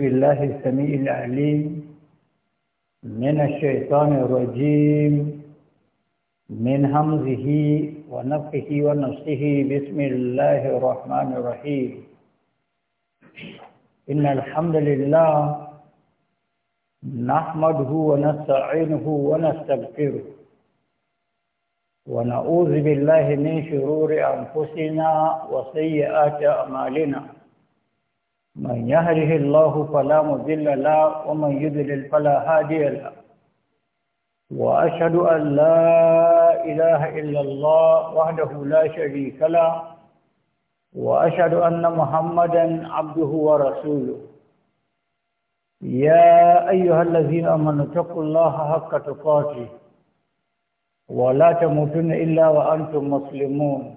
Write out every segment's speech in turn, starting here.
بالله السميع العليم من الشيطان الرجيم من همزه ونفخه ونفسه بسم الله الرحمن الرحيم إن الحمد لله نحمده ونستعينه ونستغفره ونعوذ بالله من شرور أنفسنا وسيئات أعمالنا من يهده الله فلا مذل له ومن يذلل فلا هادي له وأشهد أن لا إله إلا الله وحده لا شريك له وأشهد أن محمدا عبده ورسوله يا أيها الذين آمنوا اتقوا الله حق تقاته ولا تموتن إلا وأنتم مسلمون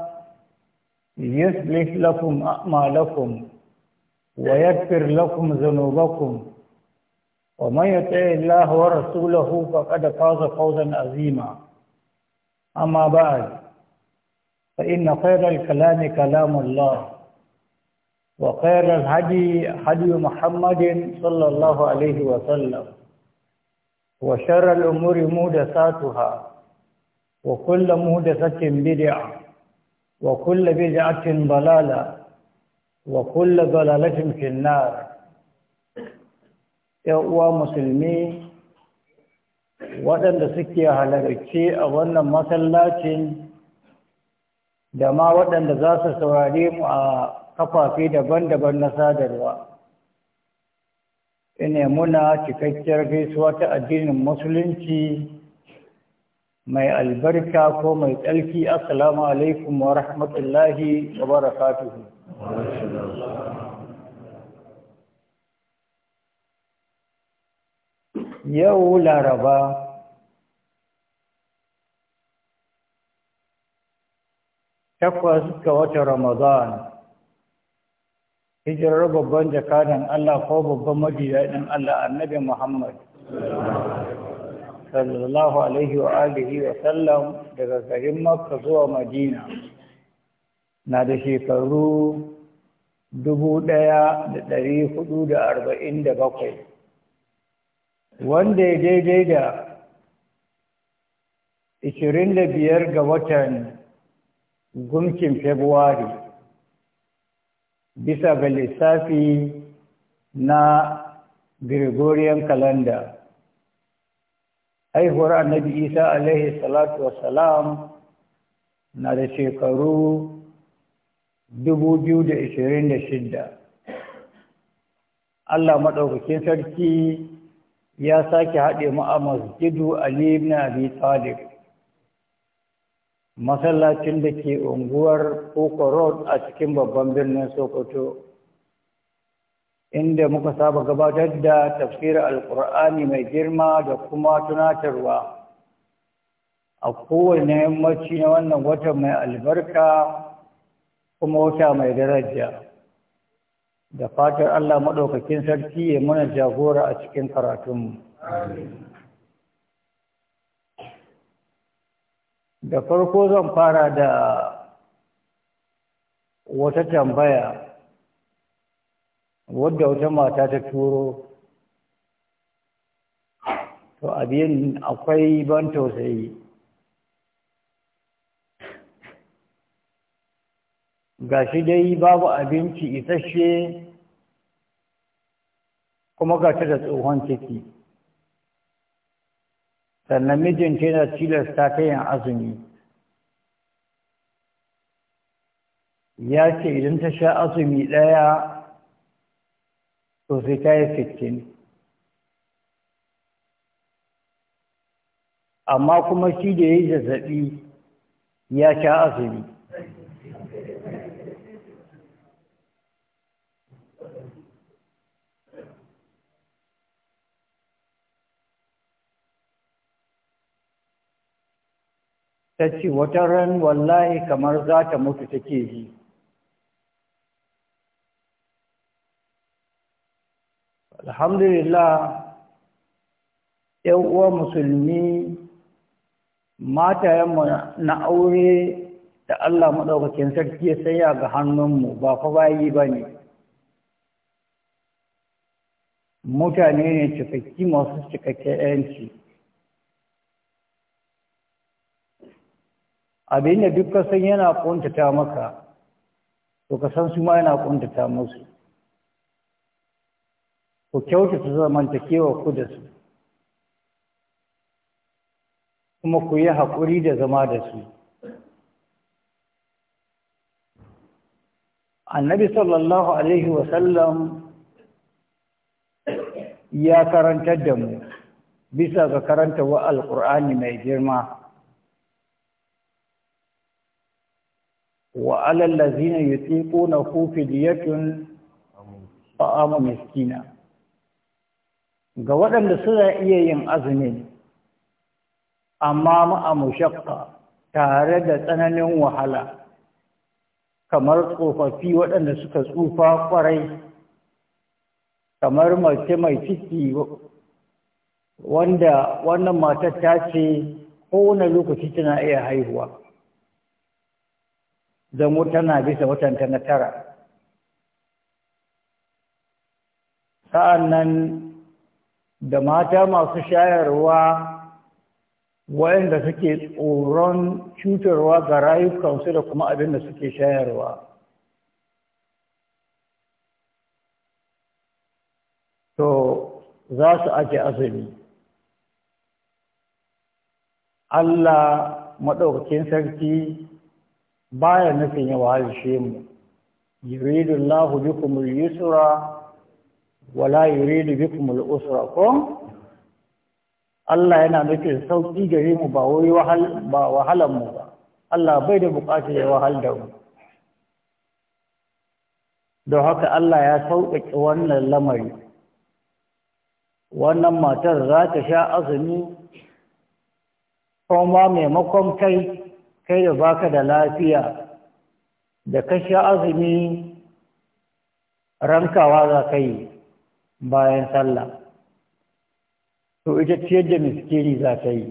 يصلح لكم أعمالكم ويغفر لكم ذنوبكم ومن يطع الله ورسوله فقد فاز فوزا عظيما أما بعد فإن خير الكلام كلام الله وخير الهدي هدي محمد صلى الله عليه وسلم وشر الأمور مودساتها وكل مودسة بدعة وكل بدعة ضلالة وكل ضلالة في النار يقوى مسلمي waɗanda suke halarci a wannan masallacin da ma waɗanda za su saurare mu a kafafe daban-daban na sadarwa ina muna cikakkiyar gaisuwa ta addinin musulunci mai albarka ko mai tsarki assalamu alaikum wa rahmatullahi wa barakatuhu yau laraba takwas ga watan ramadan hijirar babban jakadan Allah ko babban mabiya ɗin Allah annabi Muhammad sallallahu alaihi wa alihi wa sallam daga garin makka zuwa madina na da shekaru dubu ɗaya da ɗari huɗu da arba'in da bakwai wanda ya daidai da ishirin da biyar ga watan gumkin februari bisa ga lissafi na gregorian calendar haihuwar annabi isa alaihi salatu salam na da shekaru 2026 Allah maɗaukakin sarki ya sake haɗe mu a masjidu Ali ibn Abi Talib masallacin da ke unguwar Koko Road a cikin babban birnin Sokoto inda muka saba gabatar da tafsirin alkur'ani mai girma da kuma tunatarwa a kowane yammaci na wannan wata mai albarka kuma wata mai daraja da fatar Allah maɗaukakin sarki ya muna jagora a cikin karatunmu da farko zan fara da wata tambaya wadda wata mata ta turo to abin akwai ban tausayi ga shi dai babu abinci isasshe kuma ga ta da tsohon ciki sannan mijinta yana tilasta ta yin azumi ya ce idan ta sha azumi ɗaya to sai ta yi amma kuma shi da ya yi zazzaɓi ya sha azumi ta ce wata ran wallahi kamar za ta mutu take yi alhamdulillah ‘yan uwa musulmi matayenmu na aure da Allah maɗaukakin sarki ya sanya ga hannunmu ba fa bayi ba ne mutane ne cikakki masu cikakken ‘yanci abinda duk kasan yana ƙuntata maka to kasan su ma yana ƙuntata musu ku kyautata zamantakewa ku da su kuma ku yi haƙuri da zama da su annabi sallallahu alaihi wasallam ya karanta da mu bisa ga karanta wa alƙur'ani mai girma wa alallazina yutiquna fi diyatun miskina ga waɗanda suna iya yin azumi amma ma'a mushakka tare da tsananin wahala kamar tsofaffi waɗanda suka tsufa ƙwarai kamar mace mai ciki wanda wannan matar ta ce kowane lokaci tana iya haihuwa wuta tana bisa watanta na tara sa'an nan da mata masu shayarwa waɗanda suke tsoron cutarwa ga rayukansu da kuma abin da suke shayarwa. To za su ake azumi. Allah maɗaukakin sarki baya nufin ya wahalshe mu. Yuridullahu bikumul yusra wala yuridu bikum al-usra ko Allah yana nufin sauki gare mu ba wai wahal ba wahalan mu ba Allah bai da bukatar ya wahal da mu don haka Allah ya sauƙaƙe wannan lamari wannan matar za ta sha azumi kuma maimakon kai kai da baka da lafiya da ka sha azumi rankawa za ka yi bayan sallah to ita ciyar da miskiri za ta yi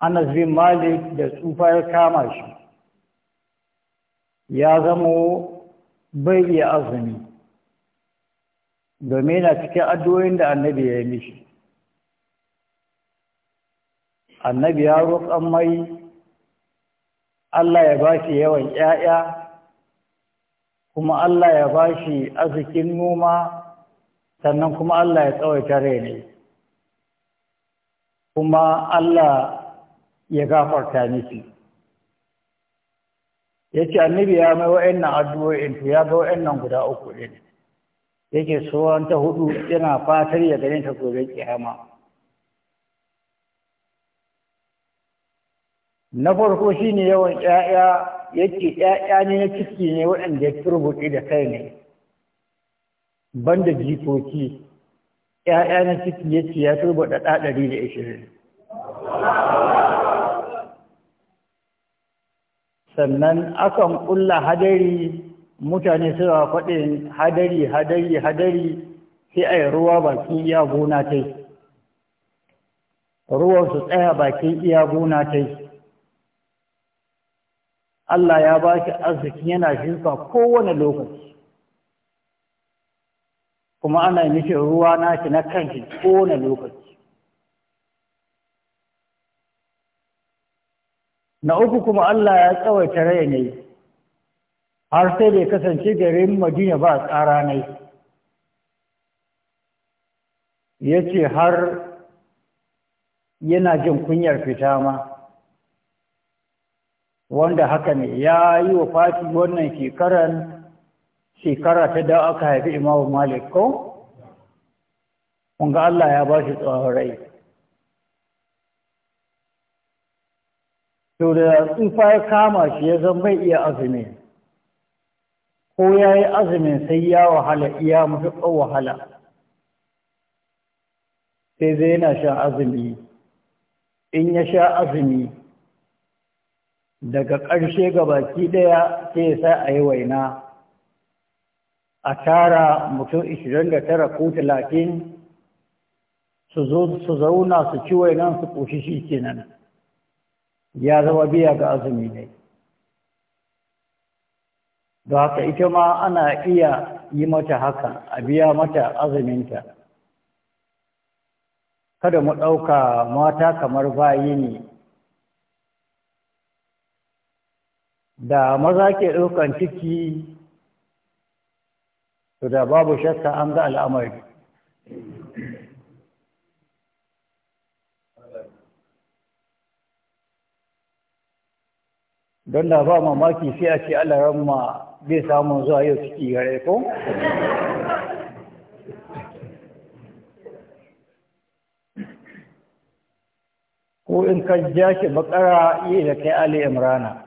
anas bin malik da tsufa ya kama shi ya zamo bai iya azumi domin yana cikin addu'o'in da annabi ya yi mishi annabi ya roƙon mai Allah ya ba shi yawan ‘ya'ya kuma Allah ya ba shi arzikin noma sannan kuma Allah ya tsawaita raina kuma Allah ya gafarta miki ce annabi ya mai wa'annan addu'o'in to ya ga wa'annan guda uku din yake suran ta hudu yana fatar ya gane ta gobe kiyama na farko shine yawan ƴaƴa yake 'ya'ya ne na ciki ne waɗanda ya turbuɗi da kai ne banda jikoki ‘ya'ya na ciki ya ce ya turba da ɗaɗari da ashirin sannan akan ƙulla hadari mutane suna faɗin hadari hadari hadari sai a yi ruwa bakin iya gona ta ruwan su tsaya bakin iya gona ta Allah ya ba shi arziki yana shirka kowane lokaci kuma ana nufin ruwa na shi na kanshi kowane lokaci na uku kuma Allah ya tsawaita rai ne har sai bai kasance garin madina ba tsara ne ya ce har yana jin kunyar fita ma wanda haka ne ya yi wa fati wannan shekaran shekara ta da aka haifi imamu malik ko kunga Allah ya ba shi tsawon rai to da tsufa ya kama shi ya zama bai iya azumi ko ya yi azumin sai ya wahala iya matuƙar wahala sai zai yana sha azumi in ya sha azumi daga ƙarshe gabaki baki ɗaya sai ya sa a yi waina a tara mutum 29 ko 30 su su zauna su ci nan su ƙoshi shi kenan ya zama biya ga azumi ne da haka ita ma ana iya yi mata haka a biya mata azuminta kada mu ɗauka mata kamar bayi ne da maza ke ɗaukan ciki فذا باب شتى أمضى الأمر دون دفاع ما ما كي في أشي على رمى بيسا موزا يوشكي غريكو هو إن كجاش بقرأ إيه لكي علي إمرانا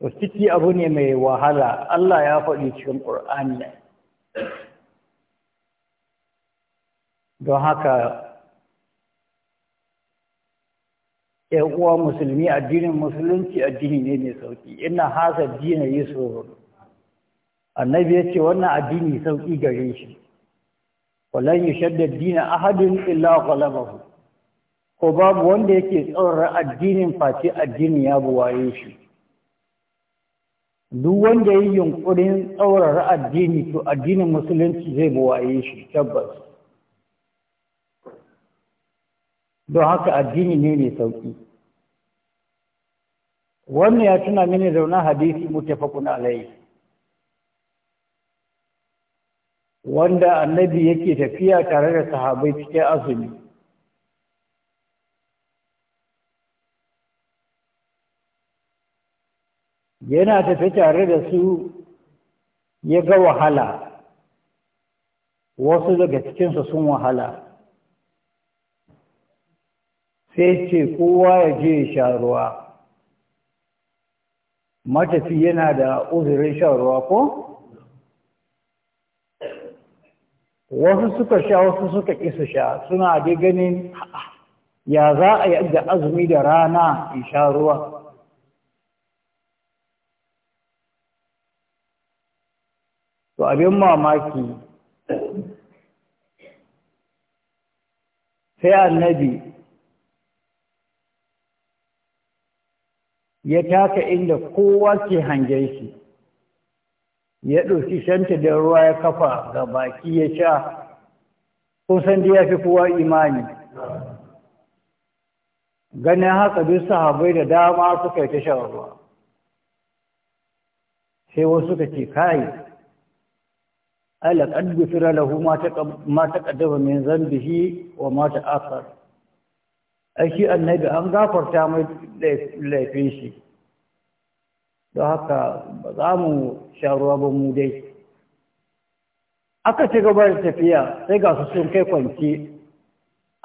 to abu ne mai wahala Allah ya faɗi cikin ƙur'ani don haka ya uwa musulmi addinin musulunci addini ne mai sauƙi ina hasa dina yusuf annabi ya ce wannan addini sauƙi gare shi walan yi shadda dina ahadin illa kwalabahu ko babu wanda yake tsoron addinin face addini ya buwaye shi duk wanda yi yunkurin tsaurara addini to addinin musulunci zai buwaye shi tabbas don haka addini ne mai sauƙi wannan ya tuna mini zauna hadisi mutafakun alayhi wanda annabi yake tafiya tare da sahabai cikin azumi yana tafi tare da su ya ga wahala wasu daga cikinsu sun wahala sai ce kowa ya je sha ruwa matafi yana da uzurin sha ruwa ko? wasu suka sha wasu suka isa sha suna dai ganin ya za a yi da azumi da rana in sha ruwa to abin mamaki sai annabi ya taka inda kowa ke hangen shi ya ɗauki shanta da ruwa ya kafa ga baki ya sha kusan da ya fi kowa imani ganin haka duk sahabai da dama suka yi ta shan ruwa sai wasu ka ce kai ala qad gufira lahu ma ma taqaddama min zambihi wa mata asar. ai shi annabi an gafarta mai laifin shi don haka ba za mu sha ruwa ba mu dai aka ci gaba da tafiya sai ga su sun kai kwanci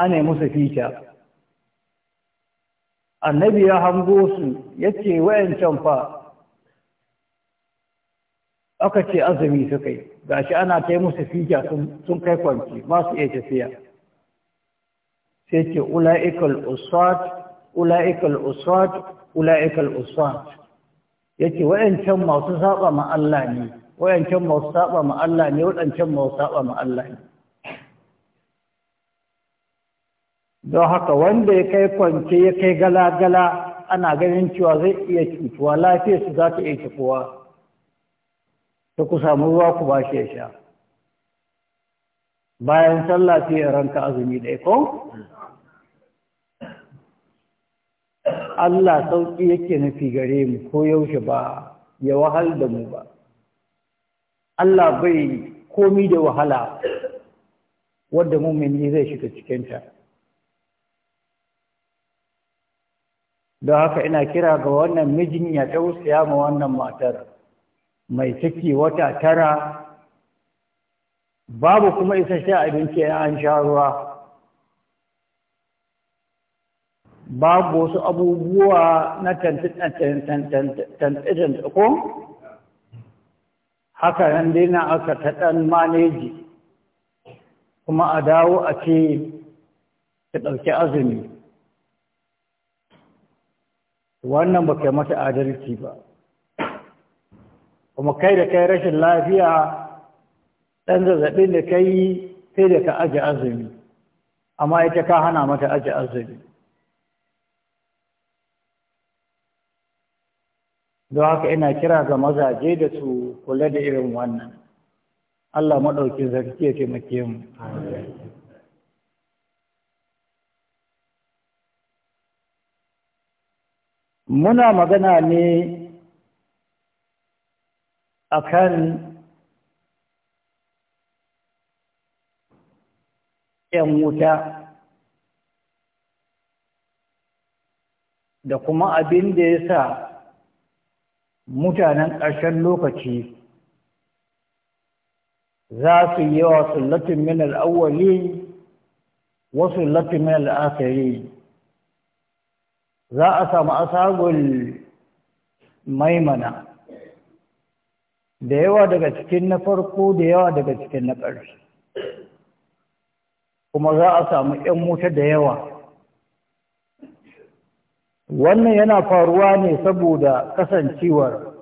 ana musu fita annabi ya hango su ya ce wayancan fa aka ce azumi suka yi shi ana ta yi musu fija sun kai kwanci su iya tafiya sai ce ula'ikal uswat ula'ikal uswat ula'ikal uswat ya ce wa'yancan masu saba ma Allah ne wa'yancan masu saba ma Allah ne waɗancan masu saba ma Allah ne don haka wanda ya kai kwance ya kai gala-gala ana ganin cewa zai iya cutuwa lafiyarsu za ta iya cutuwa ta ku samu ruwa ku ba shi ya sha bayan sallah sai ya ranka azumi ɗaya ko Allah sauƙi yake nufi gare mu ko yaushe ba ya wahal da mu ba Allah bai komi da wahala wadda mumini zai shiga cikinta don haka ina kira ga wannan mijin ya tausaya ma wannan matar mai ciki wata tara babu kuma isasshen abinci ya an sha ruwa babu wasu abubuwa na tantijan ko haka nan dai na aka ta ɗan maneji kuma a dawo a ce ta ɗauki azumi wannan ba kai mata adalci ba kuma kai da kai rashin lafiya ɗan zazzaɓin da ka yi sai da ka aji azumi amma ita ka hana mata aji azumi don haka ina kira ga mazaje da su kula da irin wannan Allah maɗaukin zarki ya taimake mu muna magana ne akan ‘yan wuta da kuma abin da ya sa mutanen ƙarshen lokaci za su yi wa sullatin min al'awwali wa sullatin min al'asari za a samu asagul maimana da yawa daga cikin na farko da yawa daga cikin na ƙarshe kuma za a samu 'yan mota da yawa wannan yana faruwa ne saboda kasancewar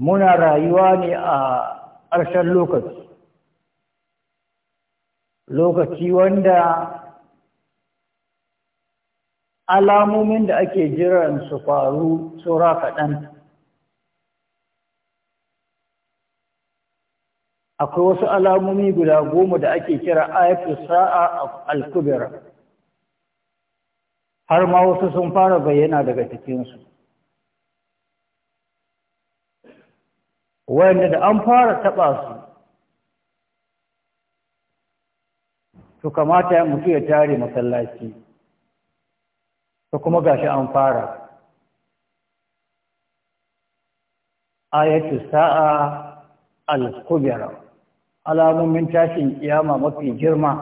muna rayuwa ne a ƙarshen lokaci lokaci wanda alamomin da ake jiran su faru tsora kaɗan akwai wasu alamomi guda goma da ake kira ayatu sa'a al-kubra har ma wasu sun fara bayyana daga cikinsu wanda da an fara taɓa su to kamata ya mutu ya tare masallaci to kuma gashi an fara ayatu sa'a al-kubra alamomin tashin kiyama mafi girma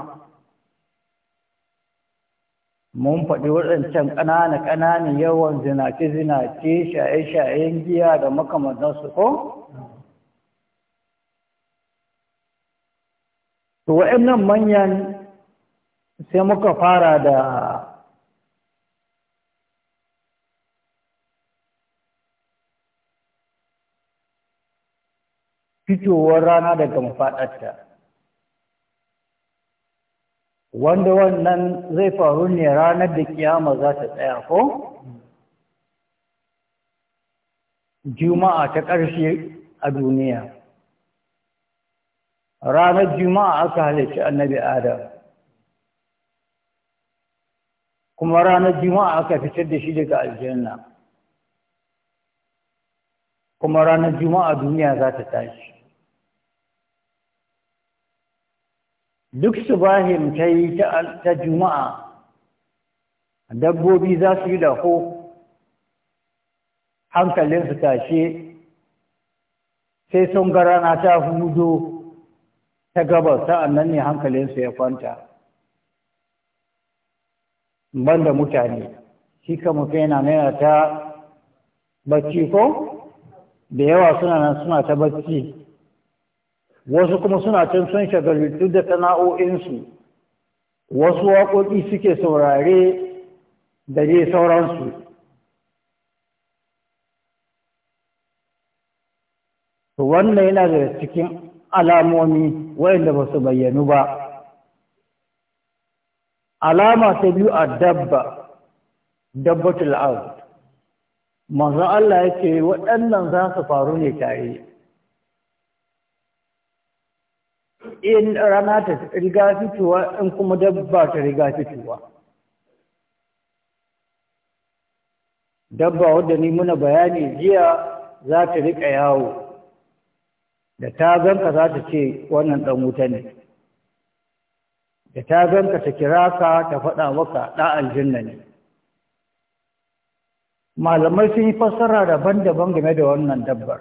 mun faɗi waɗancan ƙanana ƙananan yawan zinace-zinace shaye-shayen giya da makamantansu ko? to wa'annan manyan sai muka fara da fitowar rana daga mafaɗarta wanda wannan zai faru ne ranar da kiyama za ta tsaya ko juma'a ta ƙarshe a duniya ranar juma'a aka halarci annabi adam kuma ranar juma'a aka fitar da shi daga aljanna kuma ranar juma'a duniya za ta tashi duk su ba ta yi ta juma'a dabbobi za su yi daho hankalinsu tashe sai sun ga rana ta hudu ta gabas sa'annan ne hankalinsu ya kwanta banda mutane shi kama yana yana ta bacci ko da yawa suna nan suna ta bacci wasu kuma suna can son shagaltu da sana'o'insu wasu waƙoƙi suke saurare da dai sauransu wannan yana da cikin alamomi wayanda ba su bayyanu ba alama ta biyu a dabba dabbatul aud manzon Allah ya ce waɗannan za su faru ne tare in rana ta riga fitowa in kuma dabba ta riga fitowa dabba wadda ni muna bayani jiya za ta riƙa yawo da ta ka za ta ce wannan ɗan wuta ne da ta ka ta kira ka ta faɗa maka ɗan aljanna ne malamai sun yi fassara daban-daban game da wannan dabbar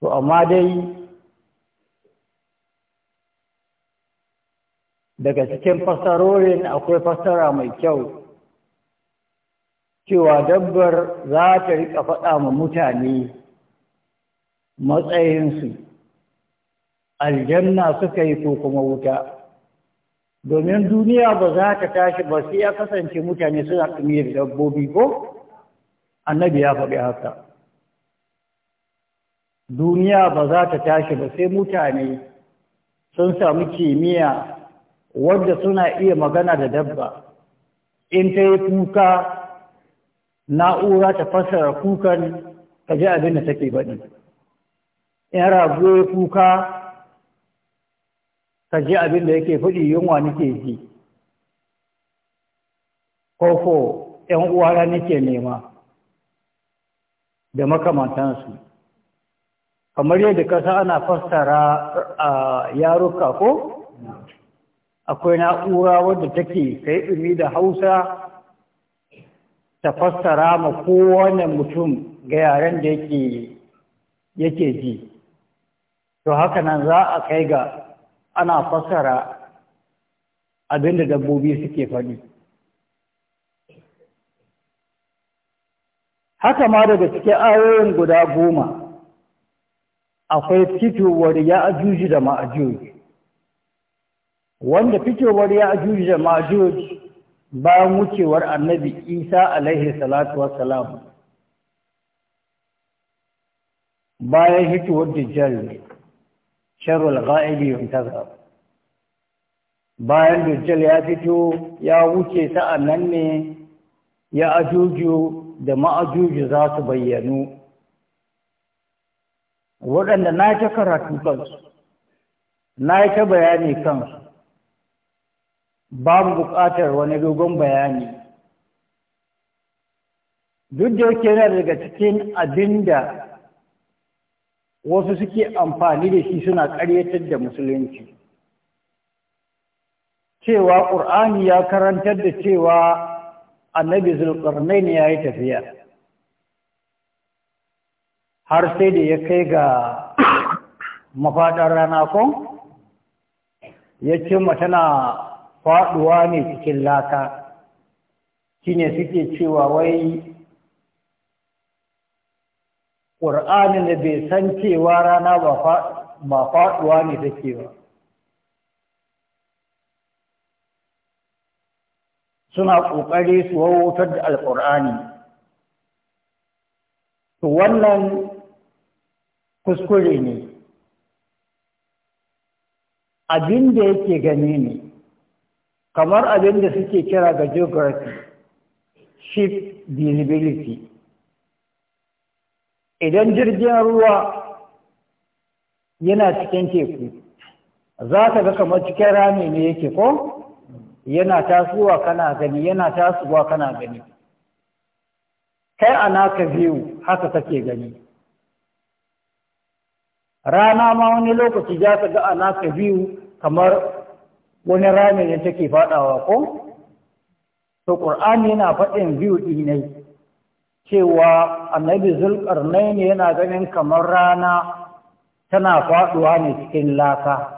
to amma dai daga cikin fasarorin akwai fasara mai kyau cewa dabbar za ta riƙa faɗa ma mutane matsayinsu aljanna suka yi ko kuma wuta domin duniya ba za ta tashi ba sai ya kasance mutane suna ɗumiyar dabbobi ko annabi ya faɗi haka duniya ba za ta tashi ba sai mutane sun samu kimiyya wadda suna iya magana da dabba in ta yi kuka na'ura ta fassara kukan ka ji abin da take baɗi in rago ya kuka ka ji abin da yake faɗi yunwa nake ji koko ‘yan uwara nake nema da makamantansu kamar yadda kasa ana fassara a yaruka ko akwai na'ura wadda take kai ɗumi da hausa ta fassara ma kowane mutum ga yaren da yake ji to haka nan za a kai ga ana fassara abinda dabbobi suke faɗi haka ma daga cikin ayoyin guda goma akwai fitowar ya ajuji da ma'ajuji wanda fitowar ya ajuj da majuj bayan wucewar annabi isa alaihi salatu wassalam bayan hitowar dajjal sharul ghaibi yuntazar bayan dajjal ya fito ya wuce nan ne ya ajuju da ma'ajuji za su bayyanu waɗanda na ta karatu kansu na ta bayani kansu babu buƙatar wani dogon bayani duk da yake yana daga cikin abin wasu suke amfani da shi suna ƙaryatar da musulunci cewa ƙur'ani ya karantar da cewa annabi zulƙarnai ne ya yi tafiya har sai da ya kai ga mafaɗar ranakon ya ce tana faɗuwa ne cikin laka shine suke cewa wai ƙur'anin da bai san cewa rana ba faɗuwa ne take ba suna ƙoƙari su wawotar da alƙur'ani to wannan kuskure ne abin da yake gani ne kamar abin da suke kira ga geography ship visibility idan jirgin ruwa yana cikin teku za ka ga kamar cikin rami ne yake ko yana tasowa kana gani yana tasowa kana gani kai a naka biyu haka kake gani rana ma wani lokaci za ka ga a naka biyu kamar wani rami ne take faɗawa ko? To, ƙur'ani yana faɗin biyu ɗinai, cewa annabi zulƙarnai ne yana ganin kamar rana tana faɗuwa ne cikin laka.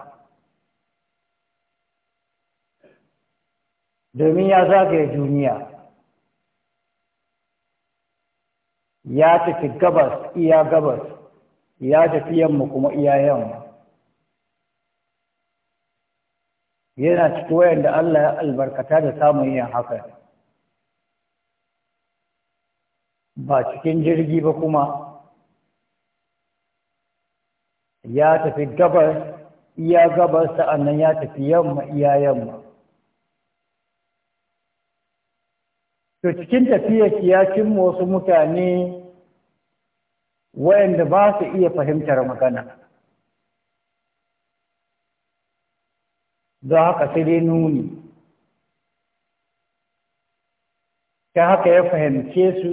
Domin ya zagaya duniya, ya tafi gabas iya gabas, ya tafi yamma kuma iya yamma. yana cikin da Allah ya albarkata da samun yin haka ba cikin jirgi ba kuma ya tafi gabar iya gabar sa'annan ya tafi yamma iya yamma to cikin tafiyar ya cimma wasu mutane wayanda ba su iya fahimtar magana don haka sai dai nuni ta haka ya fahimce su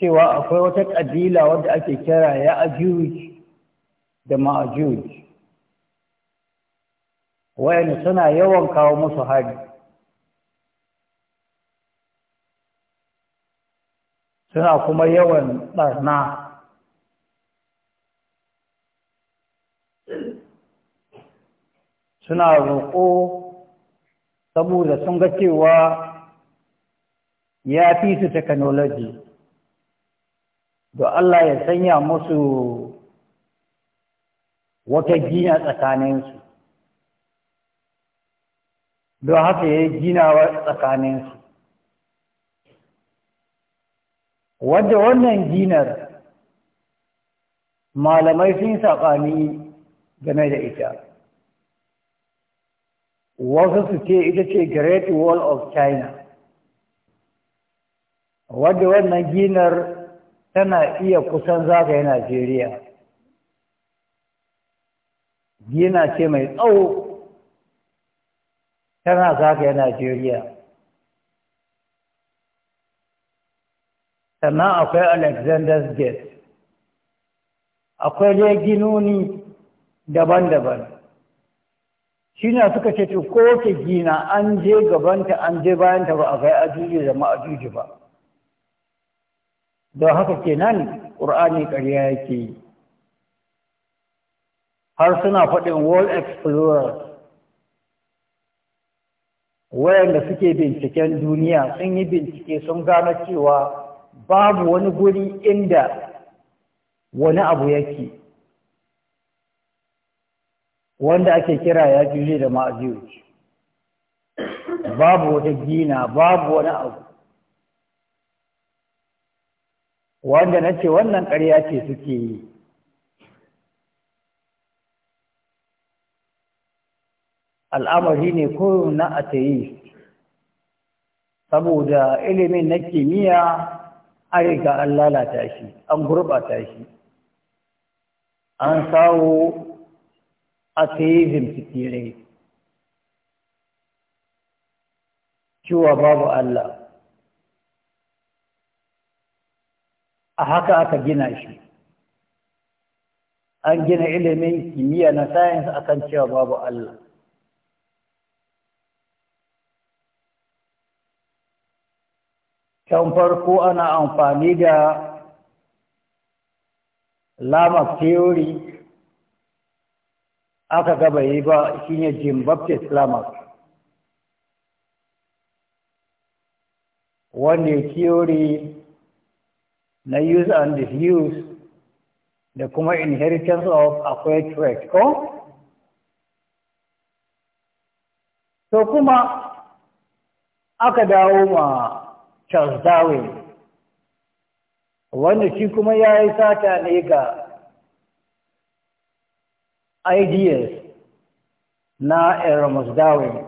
cewa akwai wata ƙabila wadda ake kira ya ajuj da ma'ajuj wayan suna yawan kawo musu hari suna kuma yawan ɓarna suna roƙo saboda sun ga cewa ya fi su technology da Allah ya sanya musu wata gina tsakaninsu don haka ya yi ginawa tsakaninsu wadda wannan ginar malamai sun yi saɓani game da ita wasu su ce ita ce great wall of china wadda wannan ginar tana iya kusan zagaye najeriya gina ce mai tsawo tana zagaye najeriya sannan akwai alexander's gate akwai ginoni daban-daban Shi ne suka ce to ko ta gina an je gabanta an je bayanta ba a kai ajuji da ma'ajuji ba Da haka kenan ƙur'ani ƙarya yake yi har suna faɗin world explorers wayanda suke binciken duniya sun yi bincike sun gano cewa babu wani guri inda wani abu yake wanda ake kira ya juje da ma'ajuj babu wata gina babu wani abu wanda na ce wannan karya ce suke yi al'amari ne ko na ateist saboda ilimin na kimiyya an riga an lalata shi an gurɓata shi an sawo atheism fikire cewa babu Allah a haka aka gina shi an gina ilimin kimiyya na science akan cewa babu Allah can farko ana amfani da lamar theory aka gaba yi ba shi ne jim baptist lamar wanda theory na use and disuse da kuma inheritance of acquired threat ko? to kuma aka dawo ma charles darwin wanda shi kuma ya yi sata ne ga ideas na Erasmus eh, Darwin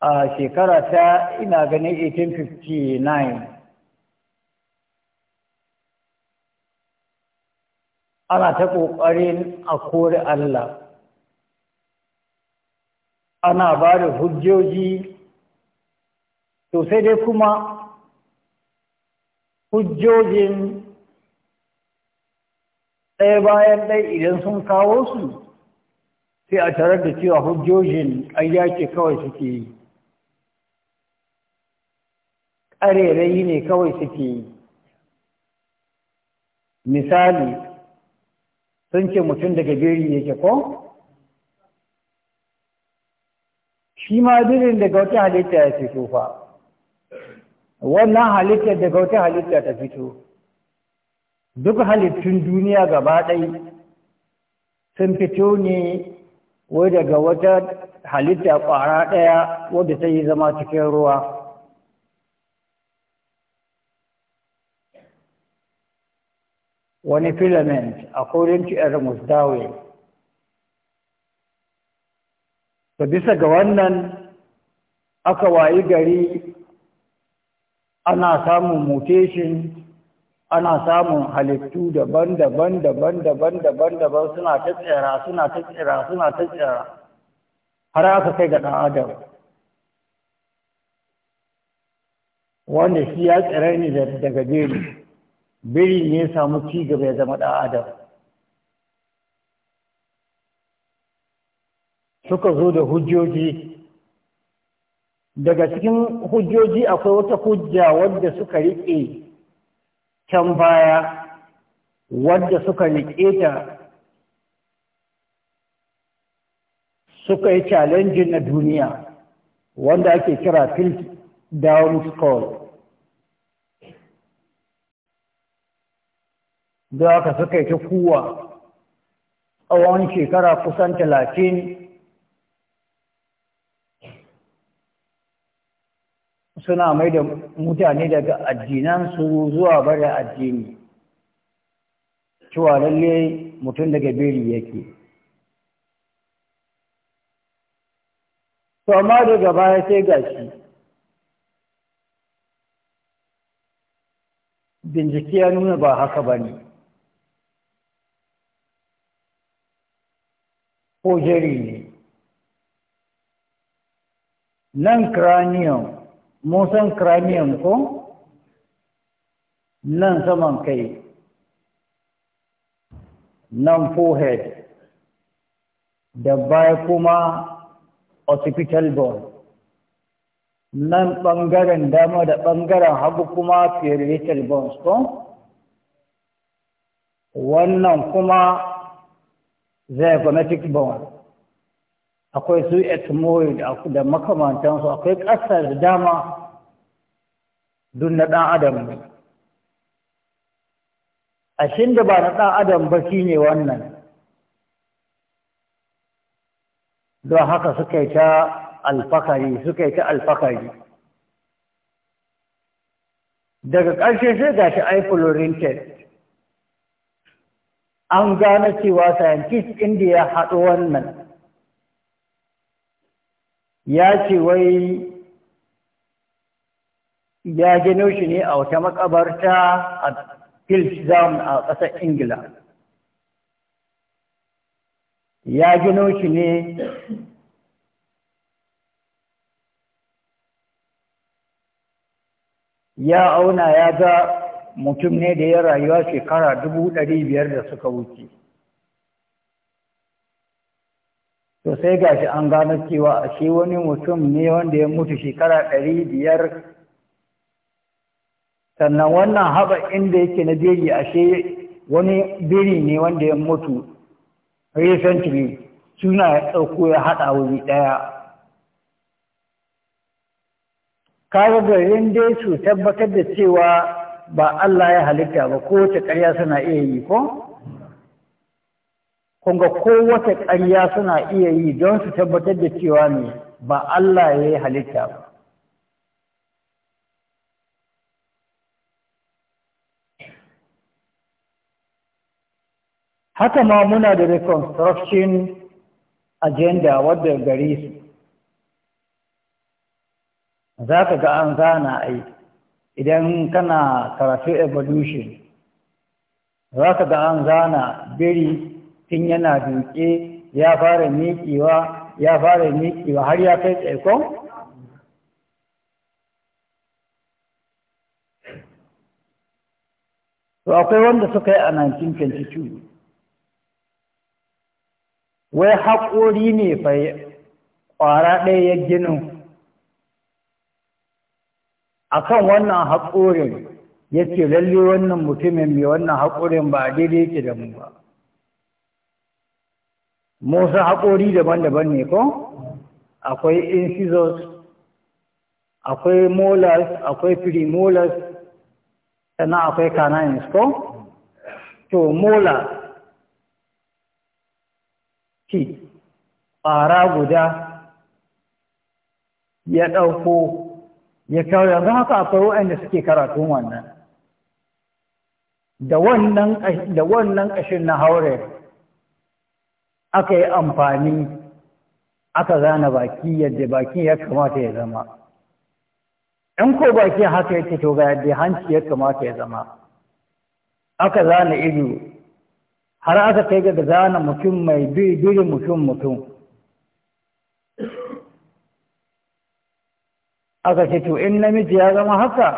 a shekara ta ina ganin 1859 ana ta ƙoƙarin a kori Allah ana ba da hujjoji to sai dai kuma hujjojin ɗaya bayan ɗaya idan sun kawo su sai a tarar da cewa hujjojin ƙarya ce kawai suke yi ƙarerayi ne kawai suke yi misali sun ce mutum daga beri yake ko shi ma birin daga wata halitta ya fito fa wannan halitta daga wata halitta ta fito duk halittun duniya gaba ɗai sun fito ne wai daga wata halitta ƙwara ɗaya wadda ta yi zama cikin ruwa wani filament according to Ernest Darwin. To bisa ga wannan aka wayi gari ana samun mutation ana samun halittu daban-daban daban-daban daban-daban suna ta tsira suna ta tsira suna ta tsira har aka kai ga adam wanda shi ya tsira ne daga biri biri ne samu ci gaba ya zama ɗan adam suka zo da hujjoji daga cikin hujjoji akwai wata hujja wadda suka riƙe can baya wadda suka riƙe ta suka yi challenging na duniya wanda ake kira field down score da aka suka yi ta kuwa tsawon shekara kusan talatin suna mai da mutane daga addinansu zuwa bare addini cewa lalle mutum daga beri yake to amma daga baya sai gashi bincike ya nuna ba haka ba ne ko jeri ne nan cranium mun san kramiyan ko nan saman kai nan forehead da baya kuma occipital bone nan ɓangaren dama da ɓangaren hagu kuma parietal bones ko wannan kuma zygomatic bone akwai su etmoi da makamantansu akwai ƙasar da dama dun na ɗan adam ne ashin da ba na ɗan adam ba shine wannan don haka suka ta alfakari suka ta alfakari daga ƙarshe sai ga shi ai an gane cewa scientist inda ya haɗu wannan ya ce wai ya gano shi ne a wata makabarta a Pilsdown a ƙasar Ingila. Ya gano shi ne ya auna ya ga mutum ne da ya rayuwa shekara dubu ɗari biyar da suka wuce. to sai shi an gano cewa ashe wani mutum ne wanda ya mutu shekara ɗari biyar sannan wannan haɓa inda yake na jeji ashe wani biri ne wanda ya mutu recently suna ya ɗauko ya haɗa wuri ɗaya kaga garin dai su tabbatar da cewa ba Allah ya halitta ba ko ta ƙarya suna iya yi ko kunga kowace ƙarya suna iya yi don su tabbatar da cewa ne ba Allah ya yi halitta ba haka ma muna da reconstruction agenda wadda gari su za ka ga an zana ai idan kana karatu evolution za ka ga an zana biri tun yana duke ya fara miƙewa ya fara miƙewa har ya kai tsaikon to akwai wanda suka yi a 1922 wai haƙori ne fa ƙwara ɗaya ya ginin a kan wannan haƙorin ya ce lalle wannan mutumin mai wannan haƙorin ba a daidai ki da mu ba Musa haƙori daban-daban ne ko? Akwai incisors, akwai molars, akwai premolars, sannan akwai canines ko? To, molar, ki, ƙara guda, ya ɗauko, ya kawo yanzu haka akwai waɗanda suke karatun wannan. Da wannan ƙashin na haure. aka yi amfani aka zana baki yadda baki ya kamata ya zama in ko baki haka yake to ga yadda hanci ya kamata ya zama aka zana ido har aka kai ga zana mutum mai biri mutum mutum aka ce to in namiji ya zama haka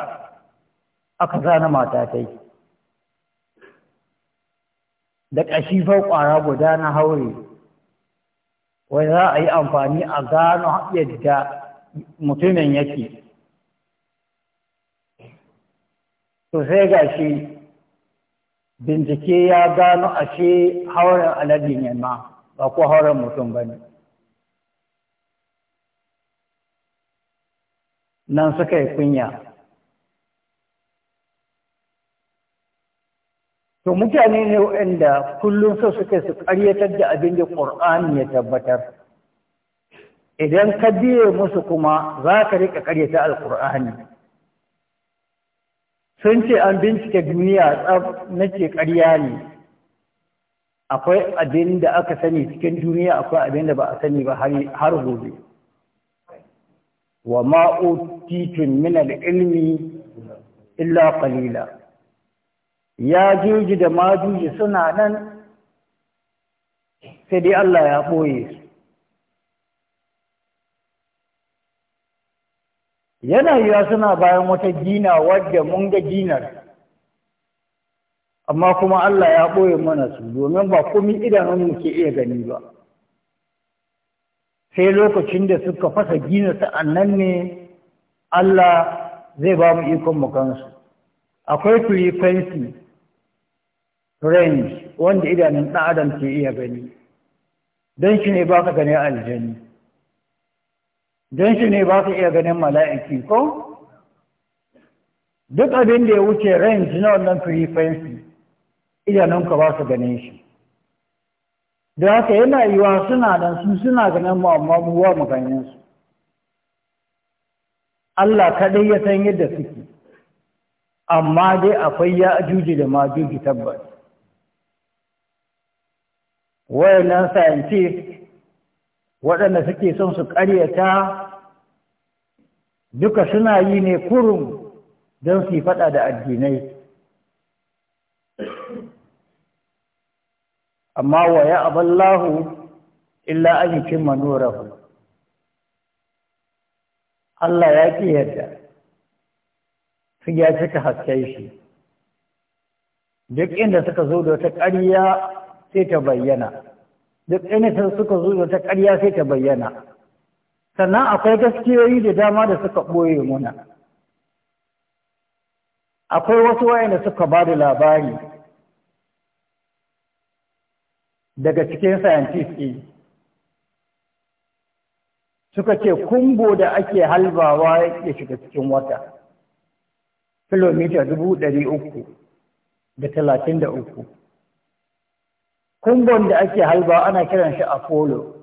aka zana mata ta yi da ƙashi ƙwara guda na haure wai za a yi amfani a gano yadda mutumin yake to sai ga shi bincike ya gano a ce hauren alabi ne ma ba ko hauren mutum ba ne nan suka yi kunya to mutane ne waɗanda kullum so suke su ƙaryatar da abin da ƙur'ani ya tabbatar idan ka biye musu kuma za ka riƙa ƙaryata ƙurani sun ce an bincike duniya tsab na ce ƙarya ne akwai abin da aka sani cikin duniya akwai abin da ba a sani ba har gobe wa titin minal ilmi illa qalila ya juji da majuji suna nan sai dai Allah ya ɓoye su yana yiwa suna bayan wata gina wadda mun ga ginar amma kuma Allah ya ɓoye mana su domin ba komi idanunmu ke iya gani ba sai lokacin da suka fasa gina nan ne Allah zai ba mu ikon mu kansu akwai frequency range wanda idanun ɗan adam ke iya gani don shi ne ba ka gani aljani don shi ne ba ka iya ganin mala'iki ko duk abin da ya wuce range na wannan frequency idanunka ba su ganin shi da haka yana yiwuwa suna nan su suna ganin mu amma buwa mu ganin su Allah kaɗai ya san yadda suke amma dai akwai ya ajuji da ma majuji tabbas wayannan scientist waɗanda suke son su ƙaryata duka suna yi ne kurum don su faɗa da addinai amma wa ya aballahu illa an yi Allah ya ƙi yadda su ya cika haske shi duk inda suka zo da wata ƙarya sai ta bayyana duk ɗanitar suka zo da ta ƙarya sai ta bayyana sannan akwai gaskiyoyi da dama da suka ɓoye muna akwai wasu wayanda suka ba da labari daga cikin scientists suka ce kumbo da ake halbawa ya shiga cikin wata kilomita dubu ɗari uku da talatin da uku kumbon da ake halba ana kiran shi apollo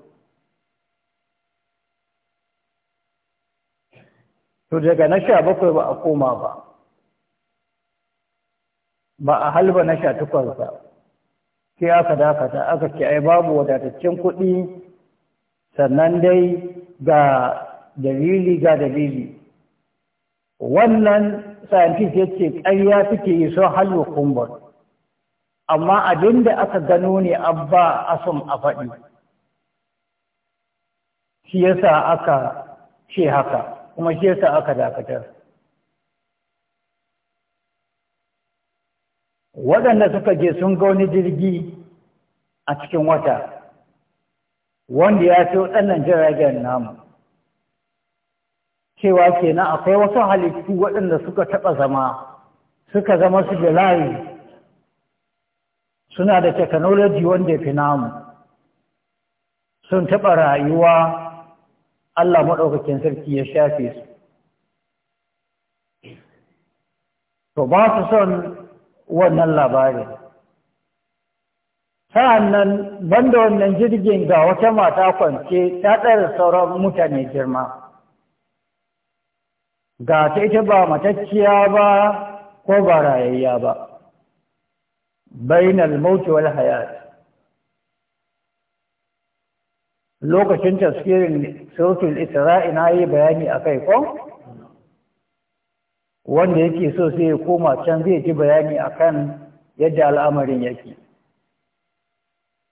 to daga na sha bakwai ba a koma ba ba a halba na sha takwas ba sai aka dakata aka ce ai babu wadataccen kuɗi sannan dai ga dalili ga dalili wannan scientist ya ce ƙarya suke yi sun halwa kumbon amma abin da aka gano ne abba asom a faɗi shi yasa aka ce haka kuma shi yasa aka dakatar waɗanda suka je sun ga wani jirgi a cikin wata wanda ya ce waɗannan jiragen namu cewa kenan akwai wasu halittu waɗanda suka taɓa zama suka zama su da layi suna da technology wanda fi namu sun taɓa rayuwa Allah maɗaukakin sarki ya shafe su to ba su son wannan labarin sa'annan banda wannan jirgin ga wata mata kwance ta ɗara sauran mutane girma ga ta ita ba matacciya ba ko ba rayayya ba bainal mauti wal hayat lokacin tafsirin sautul isra'i na yi bayani a kai ko wanda yake so sai ya koma can zai ji bayani akan yadda al'amarin yake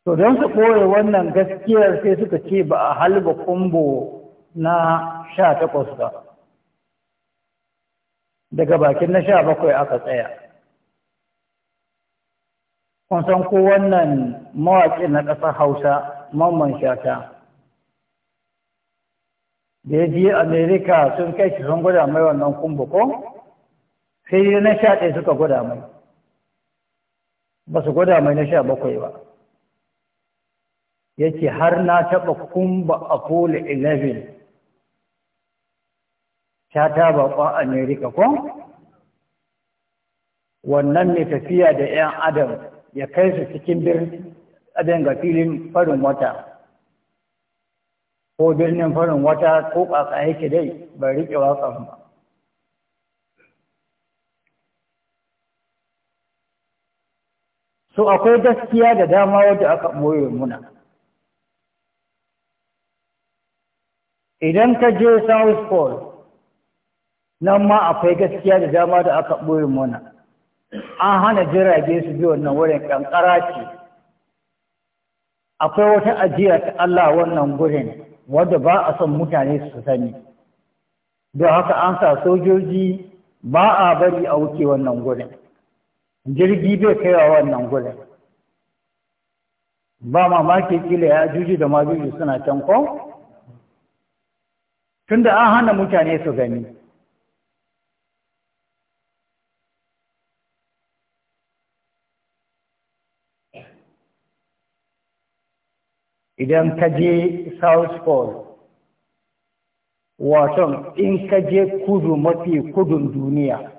to don su ɓoye wannan gaskiyar sai suka ce ba a halba kumbo na sha takwas ba daga bakin na sha bakwai aka tsaya kun san ko wannan mawaƙi na ƙasar hausa mamman shata da ya je amerika sun kai shi sun gwada mai wannan kumbu ko sai na sha ɗaya suka gwada mai ba su gwada mai na sha bakwai ba ya ce har na taɓa kumba apollo 11 shata baƙon amerika ko wannan mai tafiya da 'yan adam ya kai su cikin birnin abin ga filin farin wata ko birnin farin wata ko ƙasa yake dai bai riƙe wasa ba so akwai gaskiya da dama wadda aka moye muna idan ka je south pole nan ma akwai gaskiya da dama da aka ɓoye muna an hana jirage su bi wannan wurin kankara ce akwai wata ajiya ta Allah wannan gurin wadda ba a son mutane su sani don haka an sa sojoji ba a bari a wuce wannan gurin jirgi bai kaiwa wannan gurin ba mamaki kila ya juji da majuji suna can ko tunda an hana mutane su gani idan ka je south pole wato in ka je kudu mafi kudun duniya